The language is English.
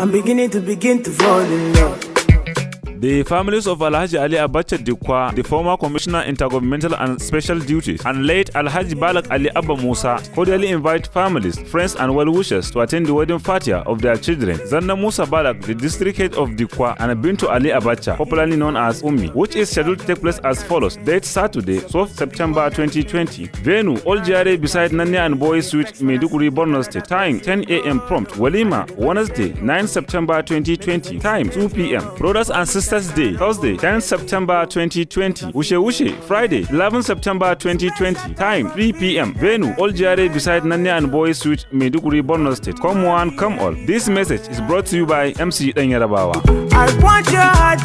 I'm beginning to begin to fall in love the families of Alhaji Ali Abacha Dikwa, the former Commissioner Intergovernmental and Special Duties, and late Alhaji Balak Ali Abba Musa cordially invite families, friends, and well wishers to attend the wedding fatia of their children. Zanna Musa Balak, the district head of Dikwa, and Bintu Ali Abacha, popularly known as Umi, which is scheduled to take place as follows date Saturday, 12 September 2020. Venue, All Jare beside Nanya and Boys Suite, Meduguri, Borno State. Time 10 a.m. prompt. Walima, Wednesday, 9 September 2020. Time 2 p.m. Brothers and sisters, Sisters Day, Thursday, 10 September 2020. Ushe Ushe, Friday, 11 September 2020. Time, 3 p.m. Venue, Old Jare beside Nanya and Boy Street Meduguri, Borno State. Come one, come all. This message is brought to you by MC Danyarabawa. I want your heart